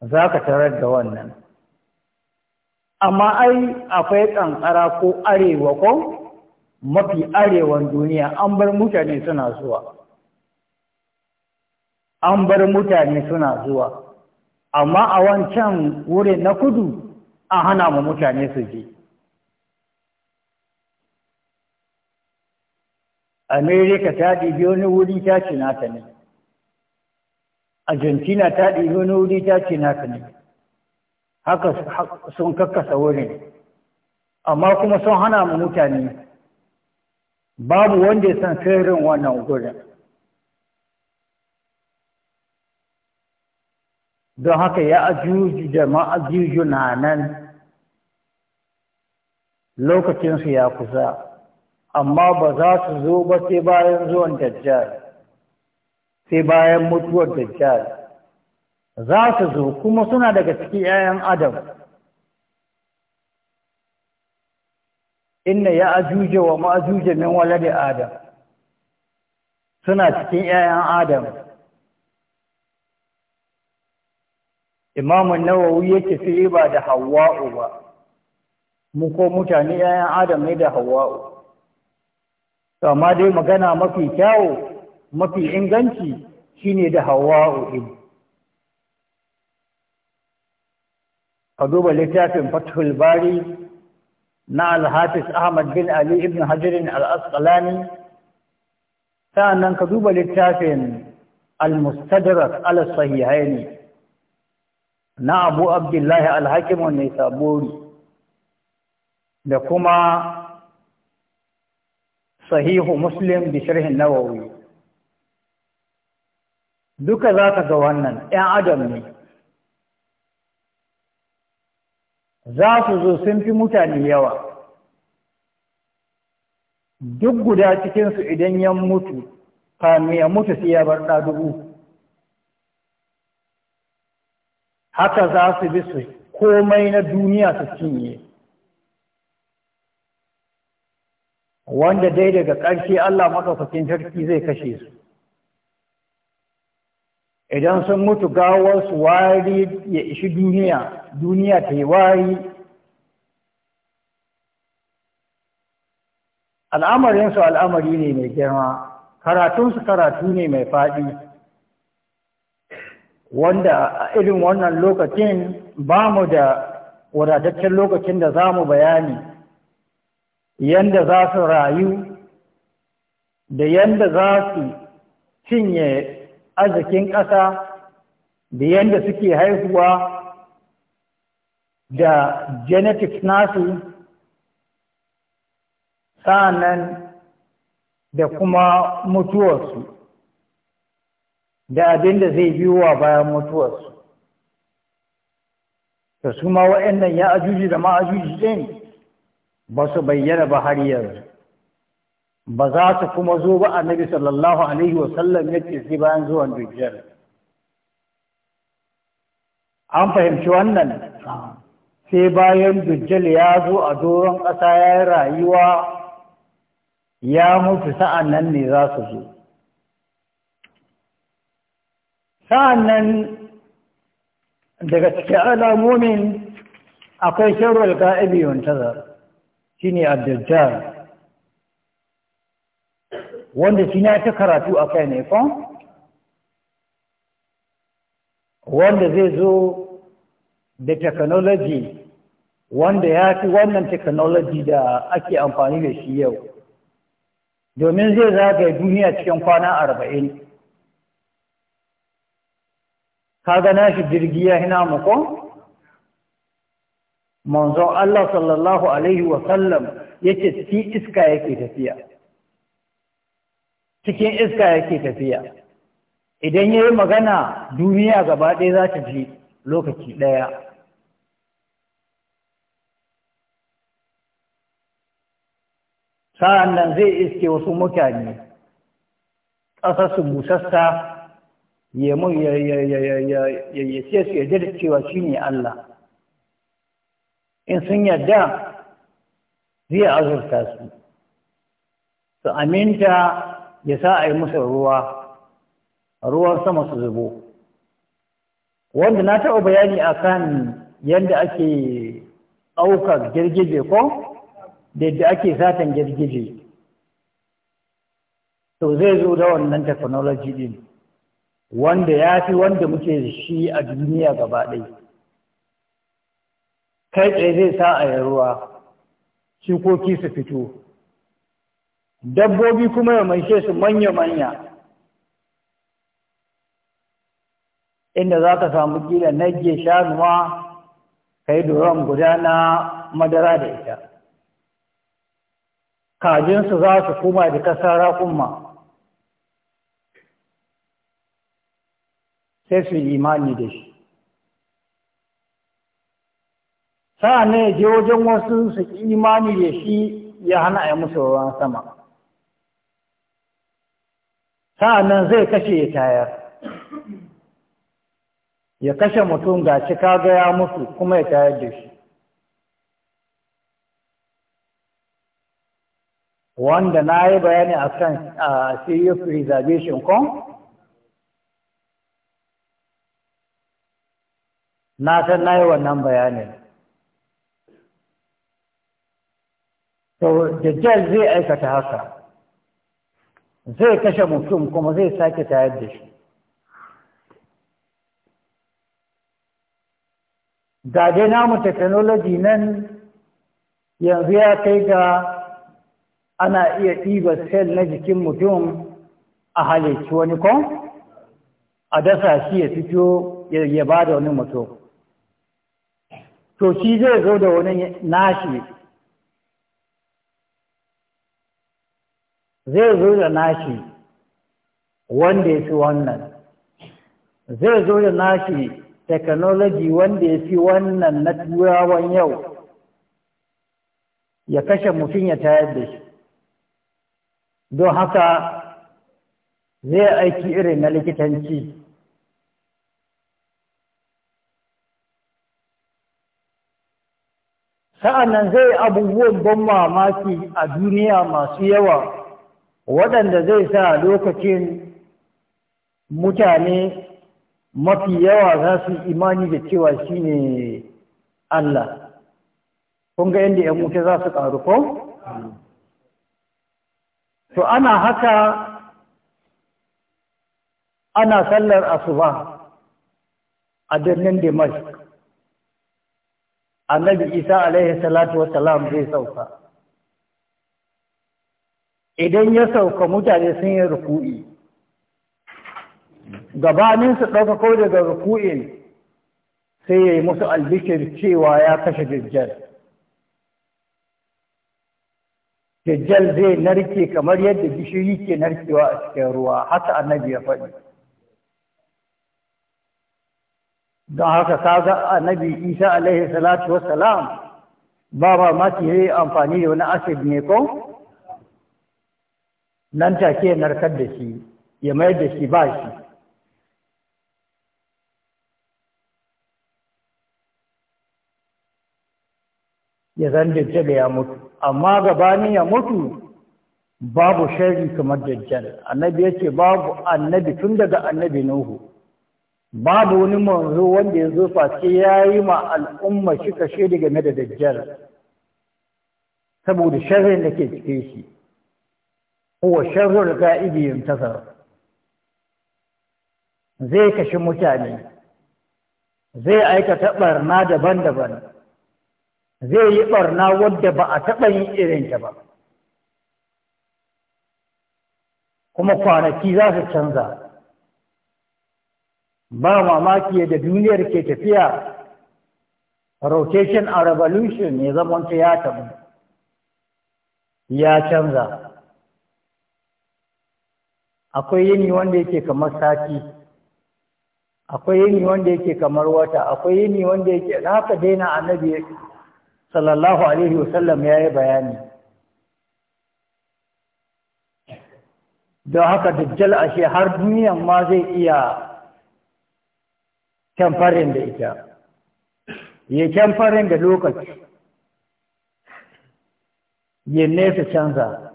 za ka tarar da wannan amma ai akwai kankara ko arewa ko mafi arewan duniya an bar mutane suna zuwa an bar mutane suna zuwa amma a wancan wurin na kudu a hana ma mutane su je Amerika ta ɗibi wani wuri ta ce nata ne argentina ta ɗibi wani wuri ta ce nata ne haka sun kakkasa wurin amma kuma sun hana mu mutane babu wanda ya san sirrin wannan wurin don haka ya ajuju da ma'ajuju na nan lokacinsu ya kusa amma ba za su zo ba sai bayan zuwan dajjal sai bayan mutuwar dajjal za su zo kuma suna daga cikin 'ya'yan adam inna ya ajuje wa ma'ajuje min walade adam suna cikin 'ya'yan adam imamu nawawi ya tafi ba da hawa'u ba mu ko mutane 'ya'yan adam ne da hawa'u to amma dai magana mafi kyawu mafi inganci shine da hawa'u din ka duba littafin fathul bari na al ahmad bin ali ibn hajar al-asqalani sa'annan ka duba littafin al-mustadrak ala sahihaini na abu abdullahi al-hakim da kuma sahihu muslim bi sharhin nawawi duka za ka ga wannan ‘yan adam ne za su zo sun fi mutane yawa duk guda cikinsu idan ya mutu kamin ya mutu sai ya bar dubu haka za su bi su komai na duniya su cinye wanda dai daga ƙarshe Allah maɗaukakin sarki zai kashe su idan sun mutu gawar su wari ya ishi duniya duniya ta yi wari al'amarinsu al'amari ne mai girma karatunsu karatu ne mai faɗi wanda a irin wannan lokacin ba mu da wadataccen lokacin da za mu bayani yanda za su rayu da yanda za su cinye arzikin ƙasa da yanda suke haihuwa da genetics nasu sa'annan da kuma mutuwarsu da abin da zai wa bayan mutuwarsu da su ma waɗannan ya ajuji da ma ajuji ɗin ba su bayyana ba har yanzu ba za su kuma zo ba annabi sallallahu alaihi wasallam ya ce sai bayan zuwan dujjal an fahimci wannan sai bayan dujjal ya zo a doron ƙasa ya yi rayuwa ya mutu sa'an nan ne za su zo sa'an nan daga cikin alamomin akwai shirin ka'ibi tazar. shine ad-dajjal wanda shi na ta karatu a kai ne fa wanda zai zo da technology wanda ya fi wannan technology da ake amfani da shi yau domin zai zagaye duniya cikin kwana arba'in ka gana shi jirgi ya hina mako manzon Allah sallallahu alaihi wa sallam yake cikin iska yake tafiya cikin iska yake tafiya idan yayi magana duniya gaba ɗaya za ta ji lokaci ɗaya sa'an nan zai iske wasu mutane su busassa ya ce su ya da cewa shi ne Allah in sun yarda zai azurta su su aminta ya sa a yi musu ruwa ruwan sama su zubo wanda na taɓa bayani a kan yadda ake ɗaukar girgije ko da ake satan girgije to zai zo da wannan technology din wanda ya fi wanda muke shi a duniya gaba ɗaya kai tsaye zai sa a yi ruwa shukoki su fito dabbobi kuma ya maishe su manya-manya inda za ka samu kila nage shanuwa ka yi doron guda na madara da ita kajinsu za su kuma da kasar raƙumma sai su yi imani da shi sa'an ya je wajen wasu su imani da shi ya hana a yi musu ruwan sama sa'an zai kashe ya tayar ya kashe mutum ga cika gaya musu kuma ya tayar da shi wanda na yi bayani a kan serious reservation kong na san na yi wannan bayanin to dajjal zai aikata haka zai kashe mutum kuma zai sake tayar da shi ga dai namu technology nan yanzu ya kai ga ana iya ɗiba sel na jikin mutum a halicci wani kon a dasa shi ya fito ya ba da wani mutum to shi zai zo da wani nashi zai zo da nashi wanda ya fi wannan zai zo da nashi technology wanda ya fi wannan na turawan yau ya kashe mutum ya tayar da shi don haka zai aiki irin na likitanci nan zai abubuwan ban mamaki a duniya masu yawa waɗanda zai sa lokacin mutane mafi yawa za su imani da cewa shi ne Allah kun ga yadda 'yan wuta za su ƙaru ko? to ana haka ana sallar asuba a birnin a annabi isa alaihi salatu wasalam zai sauka idan ya sauka mutane sun yi ruku'i gabanin su daga ruku'in sai ya yi musu albishir cewa ya kashe dajjal dajjal zai narke kamar yadda gishiri ke narkewa a cikin ruwa haka annabi ya faɗi don haka kaga annabi isa alaihi salatu wasalam ba mamaki ya yi amfani da wani asib ne ko nan take narkar da shi ya mayar da shi ba shi ya zan dajjal ya mutu amma gabanin ya mutu babu shari kamar dajjal annabi ya ce babu annabi tun daga annabi nuhu babu wani manzo wanda ya zo face ya yi ma al'umma shi kashe game da dajjal saboda sharrin da ke cike shi huwa sharrul qa'idi yuntasar zai kashe mutane zai aikata ɓarna daban-daban zai yi ɓarna wadda ba a taɓa yin irinta ba kuma kwanaki za su canza ba mamaki da duniyar ke tafiya rotation and revolution ne zamanta ya tabu ya canza akwai yini wanda yake kamar sati akwai yini wanda yake kamar wata akwai yini wanda yake haka daina annabi sallallahu alaihi wasallam ya yi bayani da haka dajjal ashe har duniyan ma zai iya kamfarin da ita ya kamfarin da lokaci ya nesa canza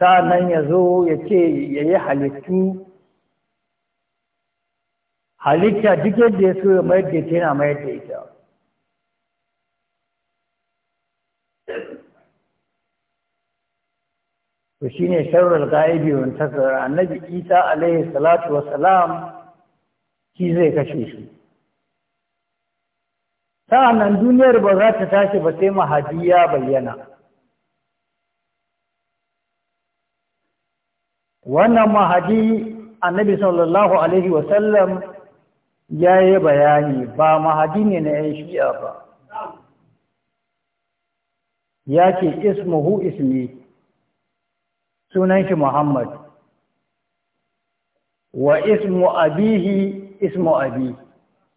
nan ya zo ya ce ya yi halittu halitta duk yadda ya so ya mayar da ita yana mayar da ita to shawarar sharrul ga'ibi wa tasar annabi Isa alaihi salatu wa salam shi zai kashe shi sa'annan duniyar ba za ta tashi ba sai mahadi ya bayyana wannan mahadi annabi sallallahu alaihi wasallam ya yi bayani ba mahadi ne na yan shi'a ba ya ce ismuhu ismi sunan shi muhammad wa ismu abihi ismu abi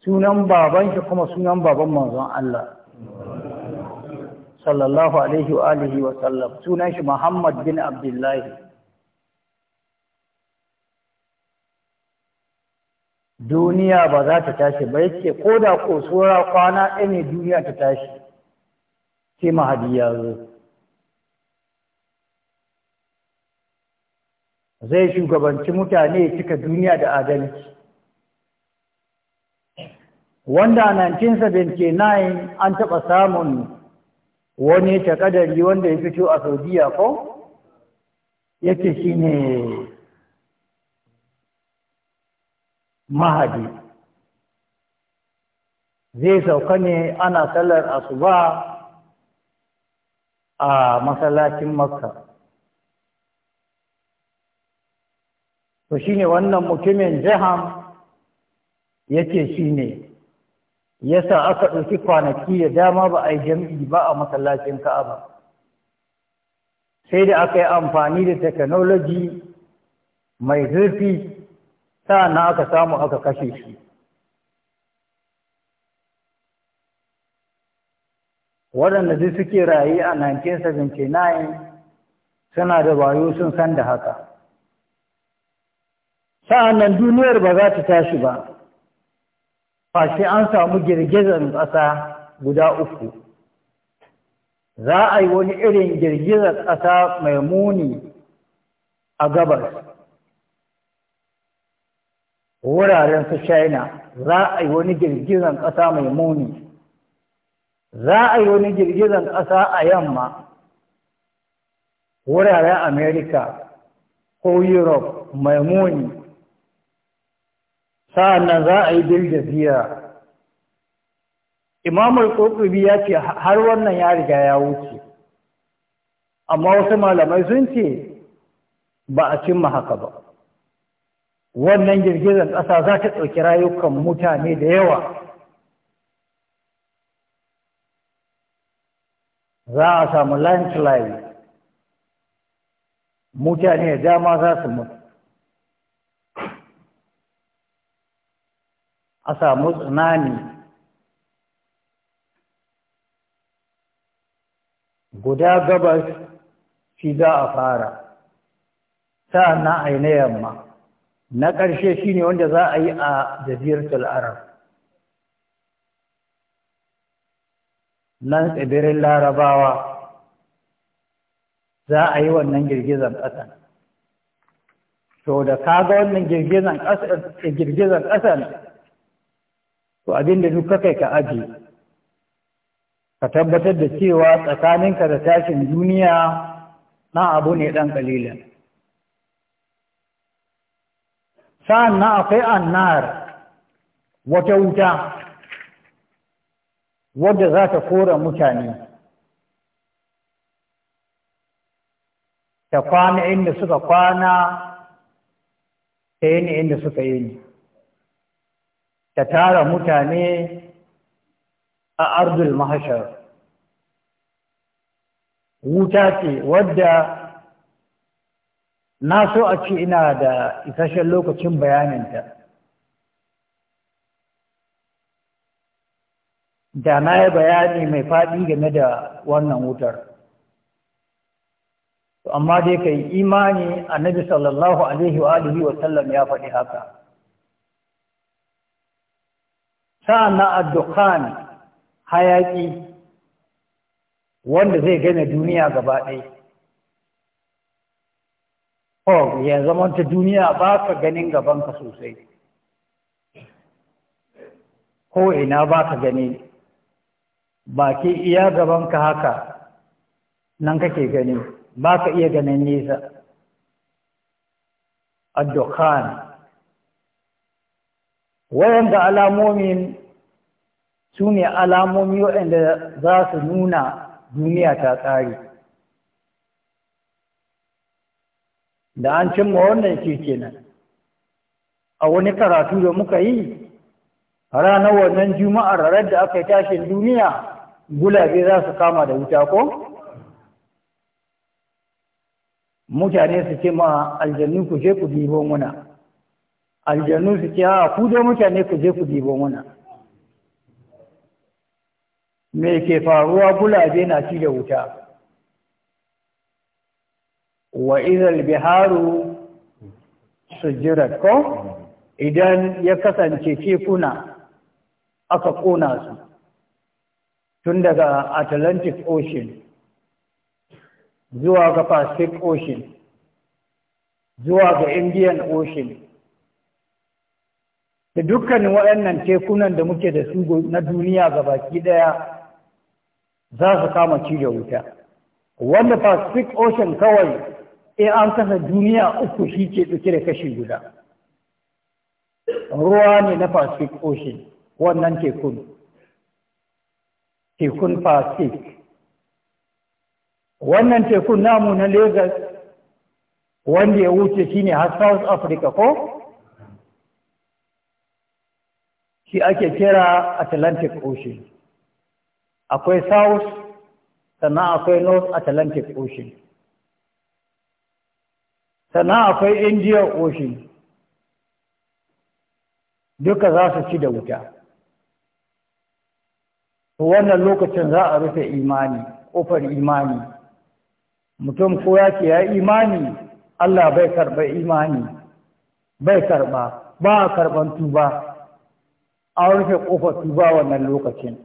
sunan baban shi kuma sunan baban manzon Allah sallallahu alaihi wa alihi wa sallam sunan shi muhammad bin abdullahi duniya ba za ta tashi ba yake ko da ko kwana ɗaya ne duniya ta tashi sai mahadi ya zo zai shugabanci mutane cika duniya da adalci wanda a 1979 an taɓa samun wani takadari wanda ya fito a saudiya ko yake shi ne mahadi zai sauka ne ana sallar asuba a masallacin makka to shine wannan mutumin jiham yake shine yasa aka ɗauki kwanaki da dama ba a yi jam'i ba a masallacin ka'aba sai da aka yi amfani da technology mai zurfi sa'an aka samu aka kashe shi waɗanda duk suke raye a 1979 suna da bayo sun san da haka sa'an nan duniyar ba za ta tashi ba shi an samu girgizar ƙasa guda uku za a yi wani irin girgizar ƙasa mai muni a gabas wuraren su china za a yi wani girgizan ƙasa mai muni za a yi wani girgizan ƙasa a yamma wuraren america ko europe mai muni sa'annan za a yi ziyara. imamul ƙoƙubi ya ce har wannan ya riga ya wuce amma wasu malamai sun ce ba a cimma haka ba wannan girgizar ƙasa za ta ɗauki rayukan mutane da yawa za a samu landslide mutane da dama za su mutu a samu tsunami guda gabas shi za a fara sa'an na yamma na ƙarshe shi ne wanda za a yi a jaziratul arab nan tsibirin larabawa za a yi wannan girgizan ƙasan to da ka ga wannan girgizan ƙasan to abinda duk ka kai ka aji. ka tabbatar da cewa tsakaninka da tashin duniya na abu ne ɗan ƙalilin. sa'an na akwai annar wata wuta wadda za ta kora mutane ta kwana inda suka kwana ta yi inda suka yi ta tara mutane a ardul mahashar wuta ce wadda na so a ce ina da isasshen lokacin bayaninta da na yi bayani mai faɗi game da wannan wutar amma dai ka imani annabi sallallahu alaihi wa alihi wa sallam ya faɗi haka sana na addukhan hayaki wanda zai gane duniya gaba ɗaya Oh ya zama ta duniya ba ka ganin gabanka sosai ko ina ba ka gani baki iya gabanka haka nan kake gani ba ka iya ganin nesa addukhan wayanda alamomin su ne alamomi waɗanda za su nuna duniya ta tsari da an cimma wannan shi kenan a wani karatu da muka yi ranar wannan juma'ar ranar da aka yi tashin duniya gulabe za su kama da wuta ko mutane su ce ma aljannu ku je ku dibo muna aljannu su ce ha ku da mutane ku je ku dibo muna me ke faruwa gulabe na ci da wuta wa izal biharu sujirat ko idan ya kasance tekuna aka kona su tun daga atlantic ocean zuwa ga pacific ocean zuwa ga indian ocean da dukkanin waɗannan tekunan da muke da su na duniya ga baki ɗaya za su kama ci da wuta wanda pacific ocean kawai in eh, an kasa duniya uku shi ke ɗauke da kashi guda ruwa ne na pacific ocean wannan tekun tekun pacific wannan tekun namu na lagos wanda ya wuce shine har south africa ko shi ake kira atlantic ocean akwai south sannan akwai north atlantic ocean sannan akwai indiya ocean duka za su ci da wuta wannan lokacin za a rufe imani ƙofar imani mutum ko ya ce ya imani Allah bai karɓa imani bai karɓa ba a karɓar tuba an rufe kofar tuba wannan lokacin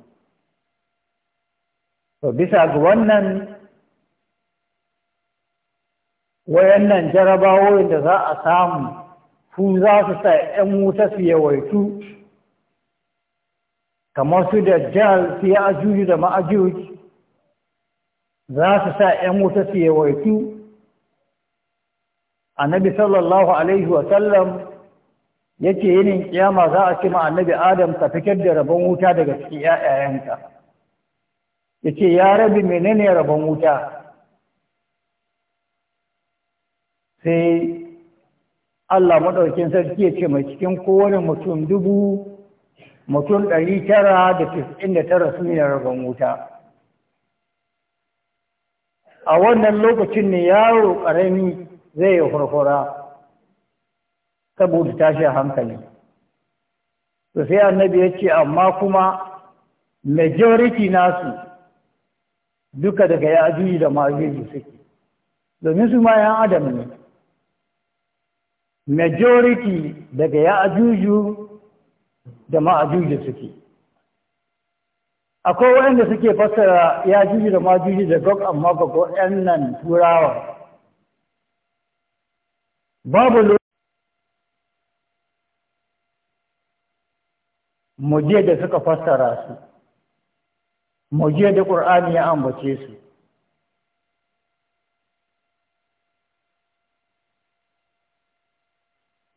to bisa ga wannan wayannan jarabawoyin da za a samu su za su sa 'yan wuta su yawaitu kamar su da jihar su yi da ma'ajuji za su sa 'yan wuta su yawaitu annabi sallallahu alaihi wasallam ya ce yinin kiyama za a ce ma annabi adam ka fitar da rabon wuta daga cikin 'ya'yayenka ya ce ya rabi menene rabon wuta sai Allah maɗaukin sarki ya ce mai cikin kowane mutum dubu mutum ɗari tara da tis'in da tara su ne rabon wuta a wannan lokacin ne yaro ƙarami zai yi hurhura saboda tashin hankali to sai annabi ya ce amma kuma majority nasu duka daga yajuji da majiji suke domin su ma yan adam ne majority daga ya ajuju da ma'ajuju suke akwai waɗanda suke fassara ya ajuju da ma'ajuju da gog amma ga ɗan nan turawa babu muje da suka fassara su muje da ƙur'ani ya ambace su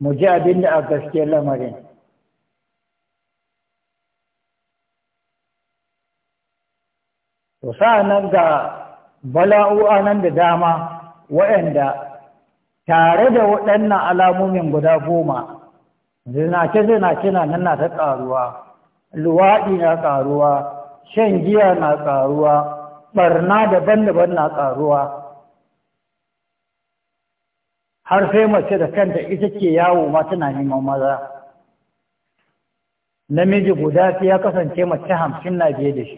mu ji abin da a gaske lamarin to nan ga bala'u'a nan da dama waɗanda tare da waɗannan alamomin guda goma zinace-zinace na nan na ta ƙaruwa luwaɗi na ƙaruwa shan giya na ƙaruwa ɓarna daban-daban na ƙaruwa har sai mace da kanta ita ke yawo ma tana neman maza namiji guda sai ya kasance mace hamsin na biye da shi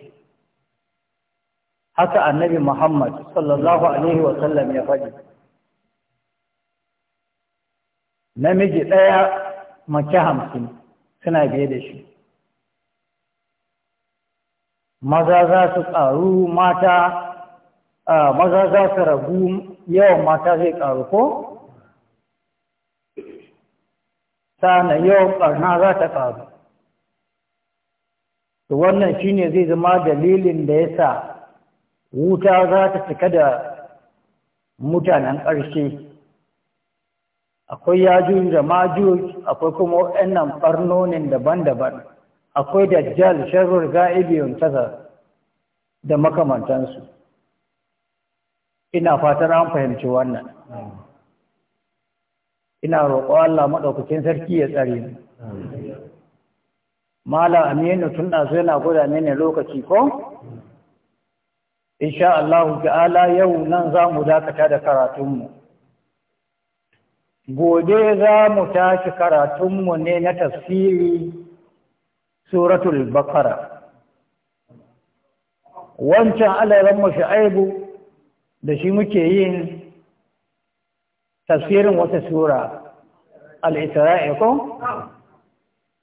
haka annabi muhammad sallallahu alaihi wa sallam, ya faɗi namiji ɗaya mace hamsin suna biye da shi maza za su ƙaru mata maza za su ragu yawan mata zai ƙaru ko sana yau ɓarna za ta ƙaru to wannan shi ne zai zama dalilin da ya sa wuta za ta cika da mutanen ƙarshe akwai yajuj da majuj akwai kuma waɗannan ɓarnonin daban-daban akwai dajjal sharrur ga'ibiyun tasa da makamantansu ina fatan an fahimci wannan ina roƙo Allah maɗaukacin sarki ya tsare ni Malam Aminu tun ɗazu yana gwada mini lokaci ko? Insha Allah ta'ala yau nan za mu dakata da karatunmu. Gobe za mu tashi karatunmu ne na tafsiri Suratul Bakara. Wancan alaran mu aibu da shi muke yin tafsirin wata sura al ko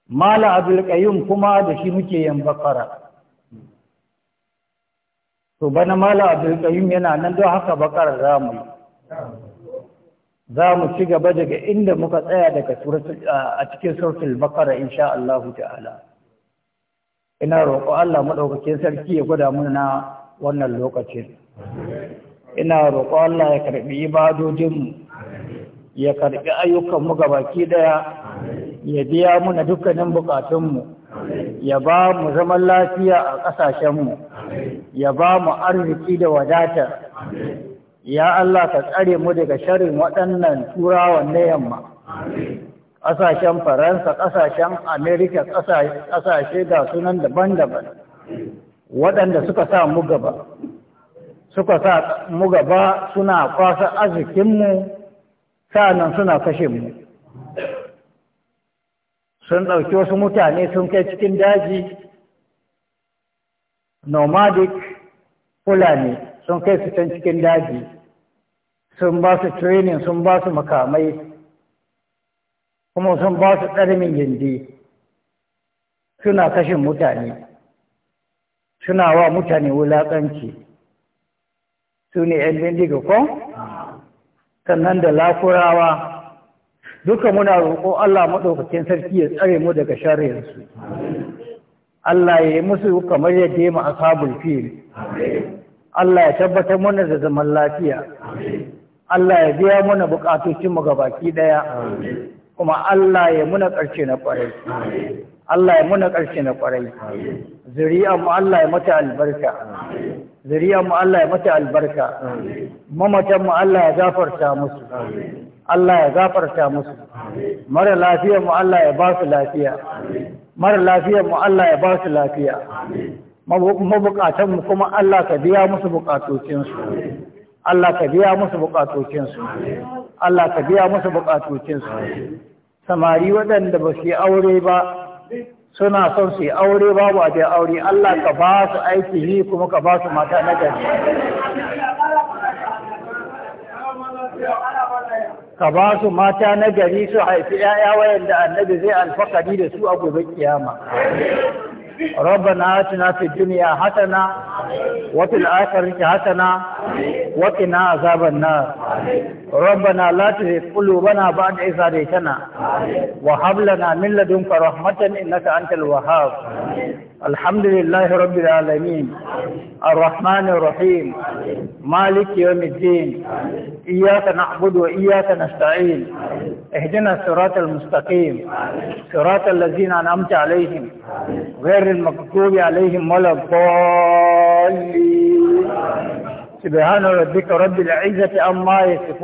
mala abul kuma da shi muke yin bakara to bana mala abul yana nan don haka bakara za mu ci gaba daga inda muka tsaya daga a cikin sautin bakara insha Allah ta'ala ina roƙo Allah maɗaukakin sarki ya gwada muna wannan lokacin ina roƙo Allah ya karɓi ibadodinmu ya karɓi ayyukanmu ga baki daya ya biya muna dukkanin bukatunmu ya ba mu zaman lafiya a ƙasashenmu ya ba mu arziki da wadata ya Allah ka tsare mu daga sharin waɗannan turawan na yamma ƙasashen faransa ƙasashen amerika ƙasashe ga sunan daban-daban waɗanda suka sa mu gaba suka sa mu gaba suna kwasa arzikinmu nan suna kashe mu sun ɗauki wasu mutane sun kai cikin daji nomadic fulani sun kai su can cikin daji sun ba su training sun ba su makamai kuma sun ba su ƙarmin gindi suna kashin mutane suna wa mutane wulaƙanci su ne 'yan bindiga ko? Ah. sannan da lafurawa duka muna roƙo Allah maɗaukakin sarki ya tsare mu daga sharrinsu Allah ya yi musu kamar yadda ya a fil Allah ya tabbatar mana da zaman lafiya Allah ya biya mana bukatocin mu baki ɗaya, kuma Allah ya muna ƙarshe na ƙwarai Allah ya muna ƙarshe na ƙwarai zuriyar mu Allah ya mata albarka zuriyar mu Allah ya mata albarka mamatan mu Allah ya zafarta musu Allah ya zafarta musu mara lafiyanmu mu Allah ya ba su lafiya mara lafiyanmu mu Allah ya ba su lafiya mabukatanmu kuma Allah ka biya musu bukatocinsu Allah ka biya musu bukatocinsu Allah ka biya musu bukatocinsu samari waɗanda ba su yi aure ba suna son su yi aure babu abin aure Allah ka ba su aiki yi kuma ka ba su mata na gari ka ba su mata na gari su haifi 'ya'ya wayanda annabi zai alfakari da su a gobe kiyama ربنا آتنا في الدنيا حسنة وفي الآخرة حسنة وقنا عذاب النار ربنا لا تزغ قلوبنا بعد إذ هديتنا وهب لنا من لدنك رحمة إنك أنت الوهاب الحمد لله رب العالمين الرحمن الرحيم مالك يوم الدين إياك نعبد وإياك نستعين اهدنا الصراط المستقيم صراط الذين أنعمت عليهم غير المكتوب عليهم ولا الضالين سبحان ربك رب العزة أما يصفون